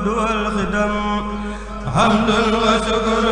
الجود والخدم حمد وشكر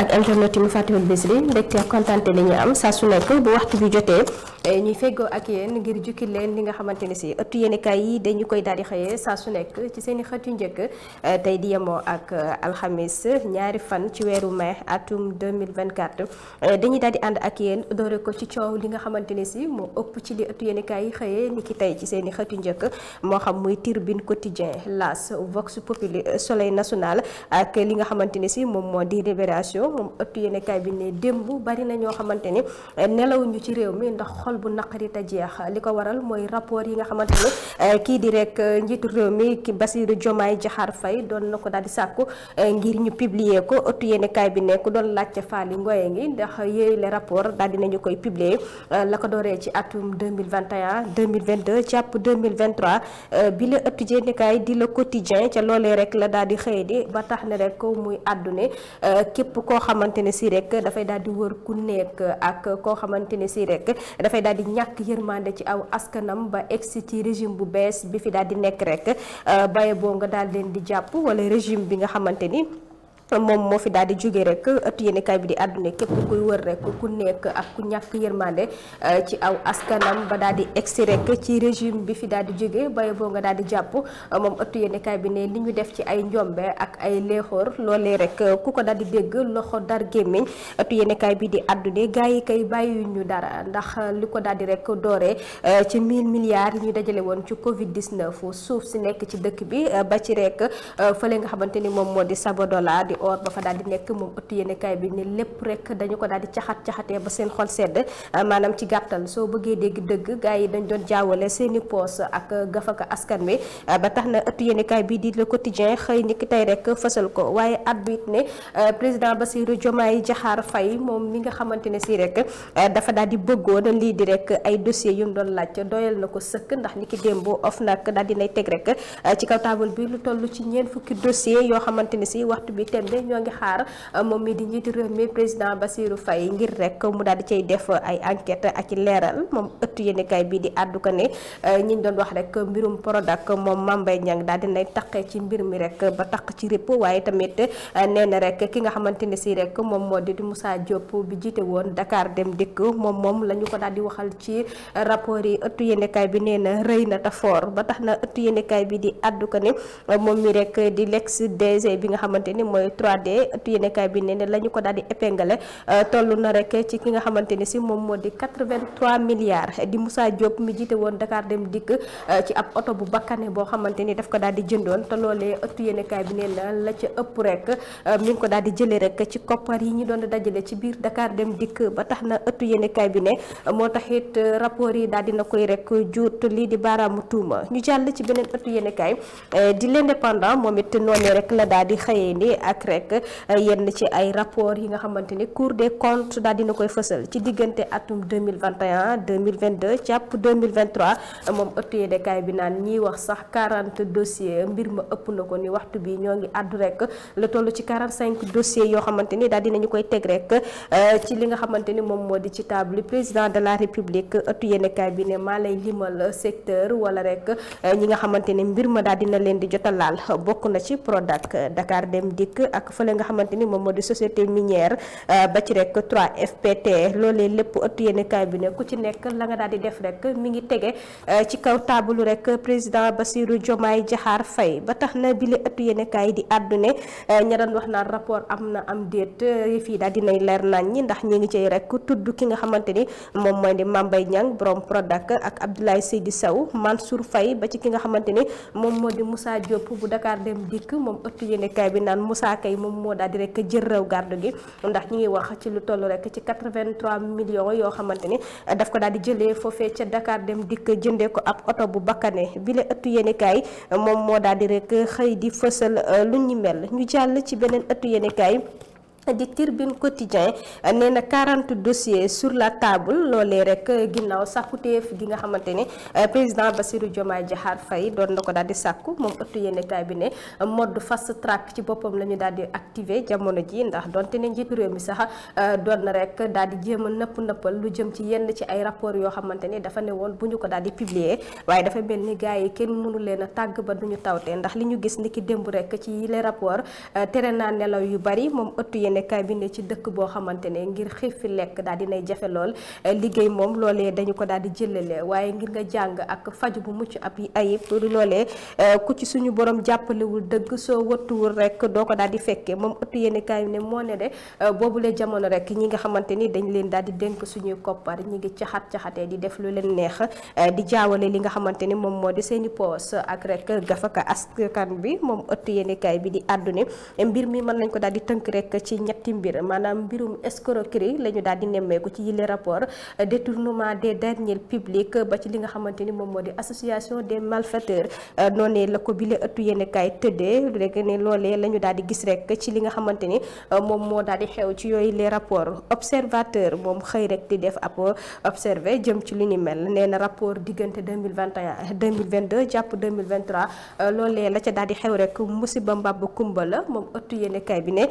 ak internet mu fàttewul bés bi mbégte kontaan la ñu am saa su nekk bu waxtu bi jotee Eh, ñuy feggoo ak yéen ngir jukki leen li nga xamante ne si ëttu yéenekaay yi dañu koy daal di xëyee saa su nekk ci seen i xët yu njëkk eh, tey di yemoo ak eh, alxamis ñaari fan ci weeru mai atum 2024 dañuy daal di ànd ak yéen doore ko ci coow li nga xamante ne si moo ëpp ci li ëttu yi xëyee ni ki tey ci seen i xët yu njëkk moo xam muy Tribune Quotidien L'As Vox Populi Soleil National ak li nga xamante ne si moom moo di Libération moom ëttu yéenekaay bi ne démb bari na ñoo xamante ni nelawuñu ci réew mi ndax xol bu naqari te jeex li ko waral mooy rapport yi nga xamante eh, kii di rek eh, njiitu réew mi ki Bassirou Diomaye Diakhar Faye doon na ko daal di sàkku eh, ngir ñu publier ko ëttu yéenekaay bi nekk doon laajte Faly Ngoye ngi ndax yooyu le rapport daal dinañu koy publier la ko bi la ëttu yéenekaay di le quotidien ca loolee rek la daal di xëy di ba tax ne rek muy àddune képp koo xamante ne si rek dafay daal si rek dafay daal di ñàkk yërmande ci aw askanam ba egsi ci régime bu bees bi fi daal di nekk rek euh, baye boo nga daal leen di jàpp wala régime bi nga xamante ni moom moo fi daal di jóge rek ëttu yéenekaay bi di àdduna képp kuy wër rek ku nekk ak ku ñàkk yërmande euh, ci aw askanam ba daal di egsi rek ci régime bi fi daal di jóge baye boo nga daal di jàpp moom ëttu yéenekaay bi ne li ñu def ci ay njombe ak ay léexoor loolee rek ku ko daal di loxo dar gémmiñ ëttu yéenekaay bi di àdduna gars yi kay bàyyi ñu dara ndax li ko daal di rek dooree euh, ci 1000 milliards yi ñu dajale woon ci Covid 19 suuf si nekk ci dëkk bi euh, ba ci rek fële nga xamante ni moom moo di Sabodola di or ba fa daal di nekk moom ëtt yéenekaay bi ne lépp rek dañu ko daal caxat-caxatee ba seen xol sedd eh, maanaam ci gàttal soo bëggee dégg dëgg gars yi dañ doon jaawale seeni poos ak gafaka askan wi eh, ba tax na ëtt yéenekaay bi di le quotidien xëy ni ki tey rek fësal ko waaye at bi it ne eh, président Bassirou Diomaye Diakhar Faye moom mi nga xamante ne si rek dafa daal di bëggoon lii di rek ay dossiers yu mu doon laaj doyal na ko sëkk ndax ni ki démb OFNAC daal di nay teg rek ci kaw taabal bi lu toll ci ñeent fukki dossier yoo xamante si waxtu tembe ñoo ngi xaar euh, moom mi di njiitu réew mi président Bassirou Faye ngir rek mu daal di cay def euh, ay enquête ak i leeral moom ëttu yéenekaay bi di àddu ni ne euh, ñi doon wax rek mbirum Prodac moom Mame Mbaye Niang daal dinay taqee ci mbir mi rek ba taq ci répp waaye tamit nee na rek ki nga xamante ne si rek moom moo di Moussa Diop bi jiite woon Dakar dem dikk moom moom la ñu ko daal di waxal ci rapport yi ëttu bi nee na rëy na ta foor ba tax na ëttu bi di àddu ko moom mi rek di l'ex DG bi nga xamante ni mooy 3D yéenekaay bi ne ne la ko daal di épinglé euh, toll na rek ci ki nga xamante ni si moom moo di 83 milliards di Moussa Diop mi jiite woon Dakar dem dikk euh, ci ab oto bu bakkane boo xamante ni daf ko daal di jëndoon te loolee ëttu yéenekaay bi ne na la ëpp rek euh, ko daal di jëlee rek ci koppar yi ñu doon dajale ci biir Dakar dem dikk ba tax na ëttu bi ne moo taxit rapport yi daal dina koy rek juut lii di baaraamu tuuma ñu jàll ci beneen ëttu yéenekaay di l'indépendant moom it noonu rek la daal di xëyee ni ak ak rek eh, yenn ci ay rapport yi nga xamante ni de des comptes daal dina koy fësal ci diggante atum 2021 2022 jàpp 2023 moom ëttu yéenekaay bi naan ñiy wax sax 40 dossiers mbir ma ëpp na ko ni waxtu bi ñoo ngi àddu rek la toll ci cinq dossiers yoo xamante ni daal dinañu koy teg rek eh, ci li nga xamante ni moom moo di ci table président de la république ëttu yéenekaay bi ne maa lay limal secteur wala rek eh, ñi nga xamante ni mbir ma daal dina leen di jotalaal bokk na ci Prodac Dakar Dem ak fële nga xamante ni moom moo di société minière euh, ba ci rek 3FPT loolee lépp ëtt yéenekaay bi ne ku ci nekk la nga daal di def rek mi ngi tege euh, ci kaw taabalu rek président Bassirou Diomaye Diakhar Faye ba tax na bi la ëtt di àddune euh, ña doon wax naan rapport am na am déet fii daal dinay leer nañ ñi ndax ñi ngi cay rek ki nga xamante ni moom mooy di Mambay Niang borom Prodac ak Abdoulaye Seydi Sow Mansour Faye ba ci ki nga xamante ni moom moo di Moussa Diop bu Dakar dem dikk moom ëtt bi naan Moussa Baraka moom moo daal di jël réew garde gi ndax ñu ngi wax ci lu toll rek ci 83 millions yoo xamante ni daf ko daal di jëlee foofee ca Dakar dem dikk jëndee ko ab oto bu bakkanee bi la ëttu moom moo daal di rek xëy di fësal euh, lu ñu mel ñu jàll ci beneen ëttu yéenekaay di Tribune Quotidien nee na 40 dossiers sur la table loolee rek ginnaaw sàkkuteef gi nga xamante ne euh, président Bassirou Diomaye Diakhar fay doon na ko daal di sàkku moom ëttu yéenekaay bi ne mode fast track ci boppam la ñu daal di activé jamono ji ndax donte ne njiitu réew mi sax euh, doon na rek daal di jéem a nëpp nëppal lu jëm ci yenn ci ay rapport yoo xamante ne dafa ne woon bu ñu ko daal di publier waaye dafa mel ni gars yi kenn mënu leen a tàgg ba du ñu tawte ndax li ñu gis ni ki démb rek ci les rapports euh, tere naa nelaw yu bari moom ëttu yéenekaay bi ne ci dëkk boo xamante ne ngir xiif fi lekk daal dinay jafe lool liggéey moom loole dañu ko daal di jëlale waaye ngir nga jàng ak faju bu mucc ab ayib loolee eh, ku ci suñu boroom jàppalewul dëgg soo wattuwul rek doo ko daal di fekkee moom ëttu yéenekaay bi ne moo ne de eh, boobule jamono rek ñi nga xamante ni dañ leen daal di dénk suñuy koppar ñi ngi caxat-caxatee di def leen neex eh, di jaawale li nga xamante ni moom moo di seeni poos ak rek gafaka askan bi moom ëttu yéenekaay bi di àddune mbir mi mën nañ ko daal tënk rek ci ñetti mbir maanaam mbirum escroquerie la ñu daal di nemmeeku ci yile rapport détournement des deniers publics ba ci li nga xamante moom moo di association des malfaiteurs euh, noonee la ko bile ëttu yéen kaay tëddee rek ne loolee la ñu daal di gis rek ci nga xamante ni euh, moom moo daal di xew ci yooyu les rapport observateur moom xëy rek di def ab observé jëm ci lu ni mel nee na rapport diggante 2021 2022 jàpp 2023 euh, loolee la ca daal di xew rek musiba mbàbb kumba la moom ëttu yéen kaay bi ne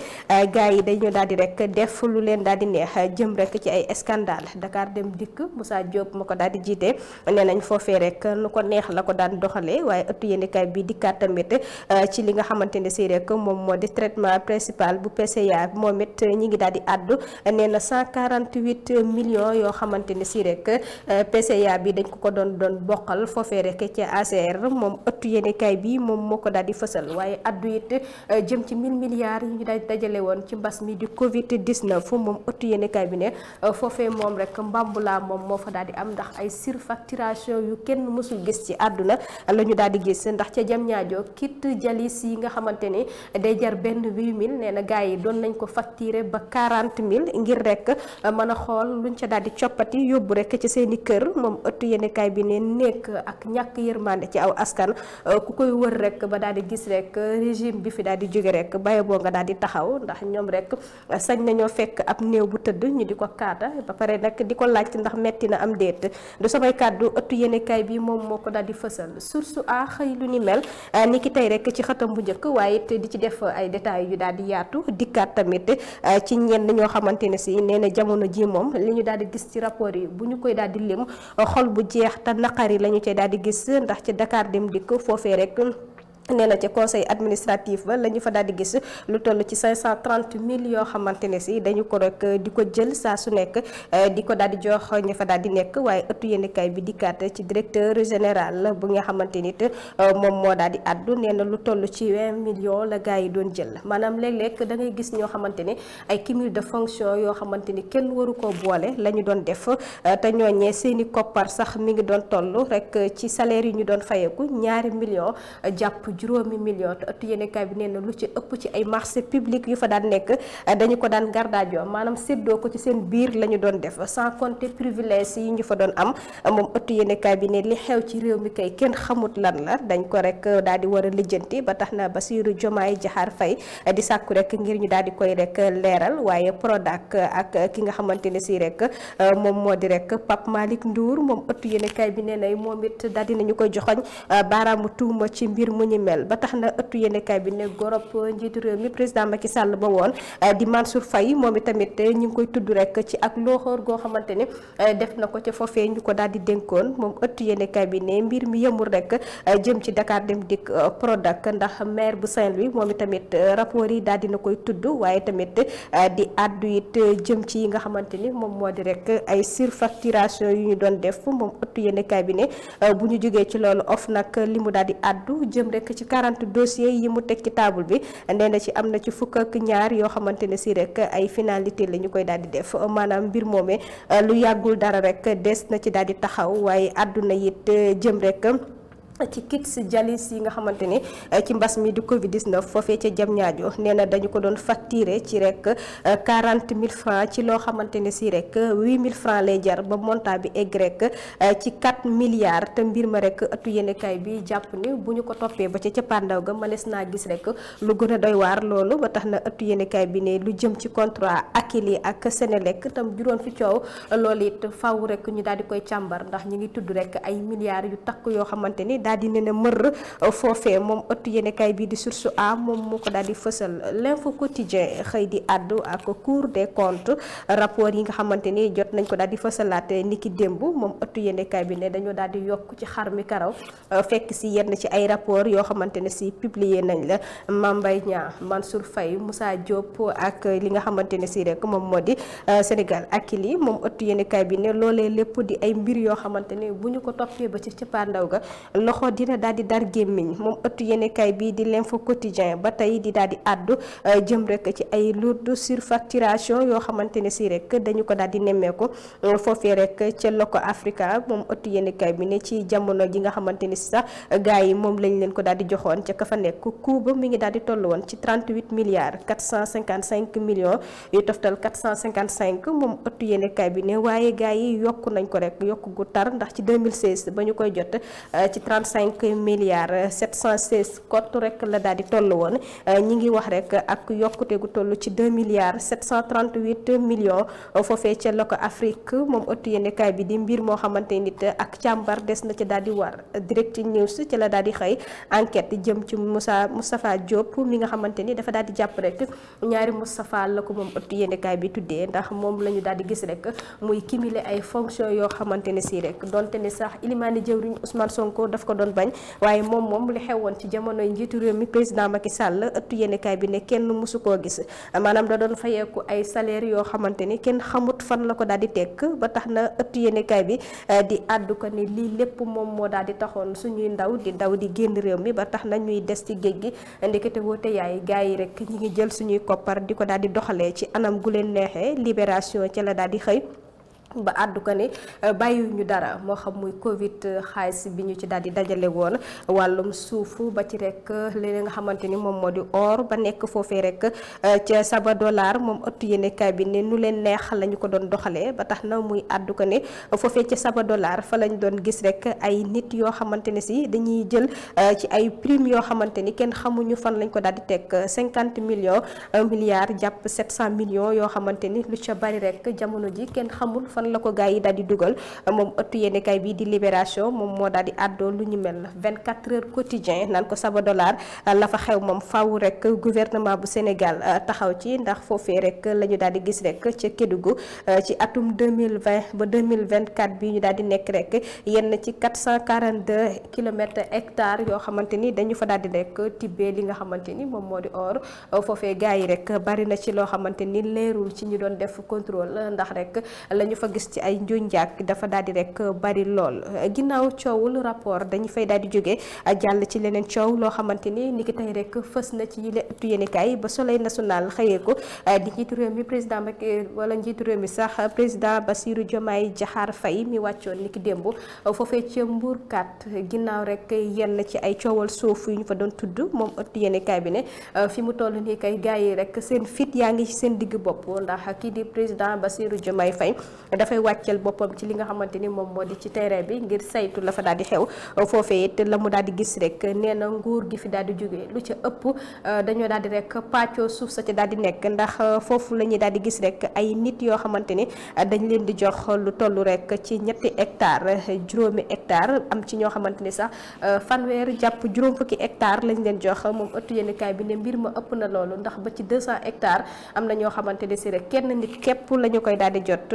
gars yi dañu daal di rek def lu leen daal di neex jëm rek ci ay scandale Dakar dem dikk Moussa Diop ma ko daal jiite nee nañ foofee rek nu ko neex la ko daan doxalee waaye ëttu yéenekaay bi dikkaat tamit euh, ci li nga xamante ne si rek moom moo di traitement principal bu PCA moom it ñi ngi daal di àddu nee na 148 millions yoo xamante ne si rek euh, PCA bi dañ ko ko doon doon bokkal foofee rek ci ACR moom ëttu yéenekaay bi moom moo ko daal di fësal waaye àddu it euh, jëm ci 1000 milliards yi ñu daal dajale woon ci mbas mbas mi di Covid 19 moom ëttu yéenekaay bi ne euh, foofee moom mbambu laa moom moo fa daal di am ndax ay surfacturation yu kenn mosul gis ci àdduna la ñu daal di gis ndax ca jam ñaajoo kit jalis yi nga xamante ni day jar benn 8000 nee na gars yi doon nañ ko facturé ba quarante 40000 ngir rek euh, mën a xool luñ ca daal di coppati yóbbu rek ci seen i kër moom ëttu yéenekaay bi ne nekk ak ñàkk yërmande ci aw askan euh, ku koy wër rek ba daal di gis rek régime bi fi daal di jóge rek baye boo taxaw rek sañ nañoo fekk ab néew bu tëdd ñu di ko kaata ba pare nag di ko laaj ndax metti na am déet du samay kàddu ëttu kaay bi moom moo ko daal di fësal source a xëy lu ni mel ah, ni ki tey rek ci xatam bu jëkk waaye it di ci def ay détails yu daal di yaatu dikkaat tamit ah, ci ñenn ñoo xamante ne si nee na jamono ji moom li ñu daal di gis ci rapport yi bu ñu koy daal di lim xol bu jeex te naqari la ñu cay daal di gis ndax ci Dakar dem dikk foofee rek nee na ca conseil administratif ba la ñu fa daal di gis lu toll ci 530 mille yoo xamante ne si dañu ko rek di ko jël saa su nekk eh, di ko daal di jox ña fa daal di nekk waaye ëttu yéenekaay bi dikkaat ci directeur général bu nga xamante te eh, moom moo daal di addu nee na lu toll ci 20 millions la gars yi doon jël maanaam léeg-léeg da ngay gis ñoo xamante ni ay cumul de fonction yoo xamante ni kenn waru ko boole la ñu doon def eh, te ñooñee seen i koppar sax mi ngi doon toll rek ci salaire yi ñu doon fayeku ñaari millions ak juróomi million te ëttu yéenekaay bi nee na lu ci ëpp ci ay marché public yu fa daan nekk dañu ko daan gardaajo maanaam séddoo ko ci seen biir lañu doon def sans compter privilèges yi ñu fa doon am moom ëttu yéenekaay bi ne li xew ci réew mi kay kenn xamut lan la dañ ko rek daal di war a lijjanti ba tax na Bassirou Diomaye Diakhar Faye di sàkku rek ngir ñu daal di koy rek leeral waaye Prodac ak ki nga xamante ne si rek moom moo di rek Pape Malick Ndour moom ëttu yéenekaay bi nee moom it daal di nañu koy joxoñ baaraamu tuuma ci mbir mu ñu mel ba tax na ëttu yéenekaay bi ne gorob njiitu réew mi président Macky Sall ba woon eh, di Mansour Faye moom eh, ñu ngi koy tudd rek ci ak looxoor goo xamante ni eh, def na ko ca foofee ñu ko daal di dénkoon moom ëttu bi ne mbir mi yemul rek jëm ci Dakar dem dikk Prodac ndax maire bu Saint-Louis moom itamit rapport yi daal dina koy tudd waaye tamit di àddu it jëm ci yi nga xamante ni moom moo di rek ay surfacturation yu ñu doon def moom ëttu yéenekaay bi ne bu ñu jógee ci loolu of nag li mu àddu jëm rek nekk ci 40 dossiers yi mu teg ci table bi nee ci am na ci fukk ak ñaar yoo xamante ne si rek ay finalité la ñu koy daal di def maanaam mbir moomee lu yàggul dara rek des na ci daal di taxaw waaye àdduna it jëm rek ci kits jalis yi nga xamante ne eh, ci mbas mi di Covid 19 foofee ca jam ñaajo nee na dañu ko doon facturé ci rek 40 eh, 000 francs ci loo xamante ne si rek eh, mille francs lay jar ba montant bi egg rek ci 4 milliards te mbir ma rek ëttu yéenekaay bi jàpp ni bu ñu ko toppee ba ca cappaandaw ga mënees naa gis rek lu gën a doy waar loolu ba tax na ëttu yéenekaay bi ne lu jëm ci contrat Akilee ak Senelec tam juróom fi coow lool it faw rek ñu daal di koy càmbar ndax ñu ngi tudd rek ay milliards yoo xamante daal di ne mër euh, foofee moom ëttu yéenekaay bii di Source A moom moo ko daal di fësal l'info quotidien xëy di àddu ak cour des comptes rapport yi nga xamante ni jot nañ ko daal di fësalaat niki démb moom ëttu yéenekaay bi ne dañoo daal di yokk ci xar mi karaw euh, fekk si yenn ci ay rapport yoo xamante ne si publier nañ la Mame Mbaye Niang Mansour Faye Moussa Diop ak li nga xamante ne si rek moom moo di euh, Sénégal ak lii moom ëttu yéenekaay bi ne loolee lépp di ay mbir yoo xamante ne bu ñu ko toppee ba ci cëppaandaw ga loxo dina daal di dar gémmiñ moom ëttu yéenekaay bii di leen l'info quotidien ba tey di daal di àddu euh, jëm rek ci ay lourde surfacturation yoo xamante ne si rek dañu ko daal di nemmeeku euh, foofee rek ca loko Africa moom ëttu yéenekaay bi ne ci jamono ji nga xamante ni si sax yi moom lañ leen ko daal di joxoon ca ka fa nekk coût mu ngi daal di toll woon ci 38 milliards 455 millions yu toftal 455 moom ëttu yéenekaay bi ne waaye gars yi yokk nañ ko rek yokk gu tar ndax ci 2016 ba ñu koy jot euh, ci cinq milliards sept cent seize cote la daal di toll woon euh, ñi ngi wax rek ak yokkute gu toll ci deux milliards sept cent trente huit millions euh, foofee ca la ko Afrique moom ëttu yéenekaay bi di mbir moo xamante nit ak càmbar des na ci daal di war direct news ci la daal di xëy enquête jëm ci Moussa Moustapha Diop mi nga xamante ni dafa daal di jàpp rek ñaari Moustapha la ko moom ëttu yéenekaay bi tuddee ndax moom la ñu daal di gis rek muy cumuler ay fonctions yoo xamante ne si rek donte ne sax Ilimani jëwriñ ko doon bañ waaye moom moom li xewoon ci jamonoy njiitu réew mi président Macky Sall ëttu yéenekaay bi ne kenn mësu koo gis maanaam da doon fayeeku ay salaire yoo xamante ni kenn xamut fan la ko daal di tekk ba tax na ëttu yéenekaay bi eh, di àddu ko ne lii lépp moom moo daal di taxoon suñuy ndaw di daw di génn réew mi ba tax na ñuy des ci géej gi ndekete woote yaay gars yi rek ñi ngi jël suñuy koppar di ko daal di doxalee ci anam gu leen neexee libération ca daal di xëy ba àddu ko ne euh, bàyyiwuñu dara moo xam muy Covid euh, xaalis bi ñu ci daal di dajale woon wàllum suuf ba ci rek euh, leneen nga xamante ni moom moo di or ba nekk foofee rek ca saba dollar moom ëttu yéenekaay bi ne nu leen neex la ko doon doxalee ba tax na muy àddu ko ne foofee ca saba dollar fa lañ doon gis rek ay nit yoo xamante ne si dañuy jël ci ay prime yoo xamante ni kenn xamuñu fan lañ ko daal di teg cinquante millions un milliard jàpp sept cent millions yoo xamante lu ca bari rek jamono ji kenn xamul fan fan la ko gars yi daal di dugal moom ëttu yéenekaay bi di libération moom moo daal di àddoo lu ñu mel 24 heures quotidien naan ko saba dollar la fa xew moom faaw rek gouvernement bu Sénégal euh, taxaw ci ndax foofee rek lañu ñu daal di gis rek ca Kédougou euh, ci atum 2020 ba 2024 bi ñu daal di nekk rek yenn ci 442 kilomètres hectares yoo xamante ni dañu fa daal di rek tibbee li nga xamante ni moom moo di or euh, foofee gars yi rek bari na ci loo xamante ni leerul ci ñu doon def contrôle ndax gis ci ay njuñjaak dafa daal di rek bari lool ginnaaw coowul rapport dañu fay daal di jóge jàll ci leneen coow loo xamante ni niki ki tey rek fës na ci yile ëttu yéenekaay ba soleil national xëyee ko eh, di njiitu réew mi président Macky wala njiitu réew mi sax président Bassirou Diomaye Diakhar Faye mi wàccoon ni ki démb foofee ca Mbourkat ginnaaw rek yenn ci ay coowal suuf yu ñu fa doon tudd moom ëttu yéenekaay bi ne eh, fi mu toll ni kay gars yi rek seen fit yaa ngi ci seen digg bopp ndax kii di président Bassirou Diomaye Faye dafay wàcceel boppam ci li nga xamante ni moom moo di ci terrain bi ngir saytu la fa daal di xew foofee it la mu daal di gis rek nee na nguur gi fi daal di jógee lu ci ëpp euh, dañoo daal di rek pàccoo suuf sa ci daal di nekk ndax euh, foofu la ñuy daal di gis rek ay nit yoo xamante ni euh, dañ leen di jox lu toll rek ci ñetti hectares juróomi hectares am ci ñoo xamante ni sax fanweer jàpp juróom fukki hectares lañ leen jox moom ëttu yéenekaay bi ne mbir ma ëpp na loolu ndax ba ci 200 ectare am na ñoo xamante ni si rek kenn nit képp la ñu koy daal di jot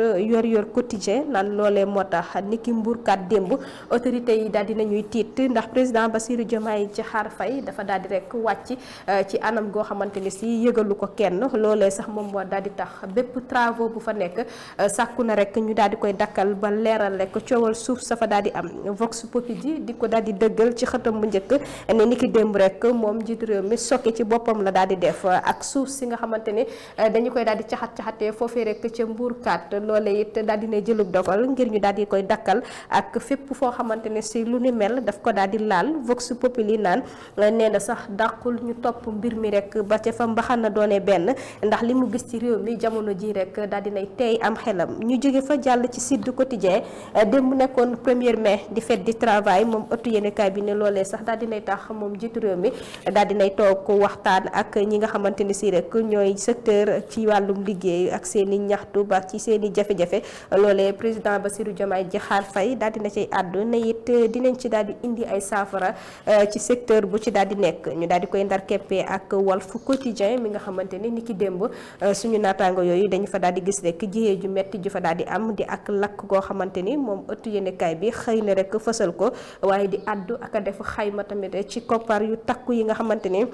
yor quotidien naan loolee moo tax niki mbuurkat démb autorité yi daal di nañuy tiit ndax président Bassirou Diomaye Diakhar Faye dafa daal di rek wàcc euh, ci anam goo xamante ni si yëgalu ko kenn loole sax moom moo daal di tax bépp travaux bu fa nekk euh, sàkku na rek ñu daal di koy dakkal ba leeral rek coowal suuf sa fa di am vox populi di ko daal di dëggal ci xëtam bu njëkk ne niki démb rek moom njiitu réew mi sokki ci boppam la daal di def euh, ak suuf si nga xamante ni dañu koy daal caxat caxatee foofee rek ca mbuurkat loolee it daal di ne jëlub dogal ngir ñu daal di koy dakkal ak fépp foo xamante ne si lu ni mel daf ko daal di laal vox populi naan nee na sax dàqul ñu topp mbir mi rek ba ca fa mbaxana doone benn ndax li mu gis ci réew mi jamono ji rek daal di nay tey am xelam ñu jóge fa jàll ci Sud Quotidien démb nekkoon premier mais di fête di travail moom ëttu yéenekaay bi ne loolee sax daal di nay tax moom jiitu réew mi daal di nay toog waxtaan ak ñi nga xamante ni si rek ñooy secteur ci wàllum liggéey ak seen i ñaxtu ba ci seen i jafe-jafe loole président ba Bassirou Diomaye Diakhar fay daal dina cay àddu ne it eh, dinañ ci daal di indi ay saafara eh, ci secteur bu ci daal di nekk ñu daal di koy ndar keppee ak Walf Quotidien mi nga xamante ni ni ki démb eh, suñu naataango yooyu dañu fa daal di gis rek jiyee ju metti ju fa daal di am di ak lakk goo xamante ni moom ëttu yéenekaay bi xëy na rek fësal ko waaye di àddu ak a def xayma tamit ci koppar yu takku yi nga xamante ni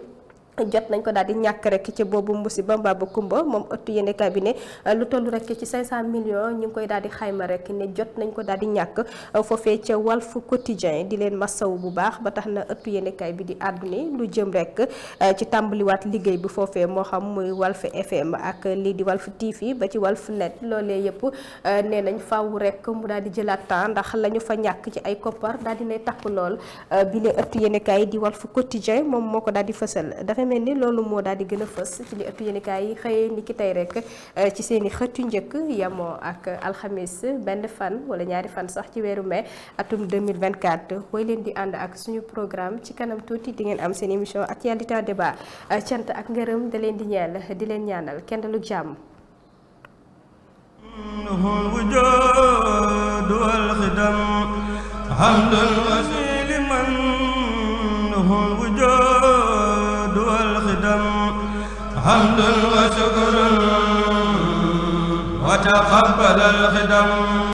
jot nañ ko daal di ñàkk rek ci boobu musiba mbaa ba kumba moom ëttu bi ne lu toll rek ci 500 millions ñu ngi koy daal di xayma rek ne jot nañ ko daal di ñàkk foofee ca Walf Quotidien di leen masaw bu baax ba tax na ëttu yéene bi di àddune lu jëm rek eh, ci tàmbaliwaat liggéey bi foofee moo xam muy Walf FM ak lii di fi TV ba ci Walf Net loolee yëpp eh, nee nañ faaw rek mu daal di jëlaat temps ndax la ñu fa ñàkk ci ay koppar daal di nay takk lool eh, bi leen ëttu yéene kay di Walf Quotidien moom moo ko daal di fësal dafay mel ni loolu moo daal di gën a fës ci li ëpp yéenekaay yi xëyee ni ki rek ci seen i xët njëkk yamoo ak alxamis benn fan wala ñaari fan sax ci weeru mai atum 2024 woy leen di ànd ak suñu programme ci kanam tuuti di ngeen am seen émission actualité débat cant ak ngërëm da leen di ñeel di leen ñaanal kenn lu jàmm الوجود والخدم حمد المسيح حمد وشكر وتقبل الخدم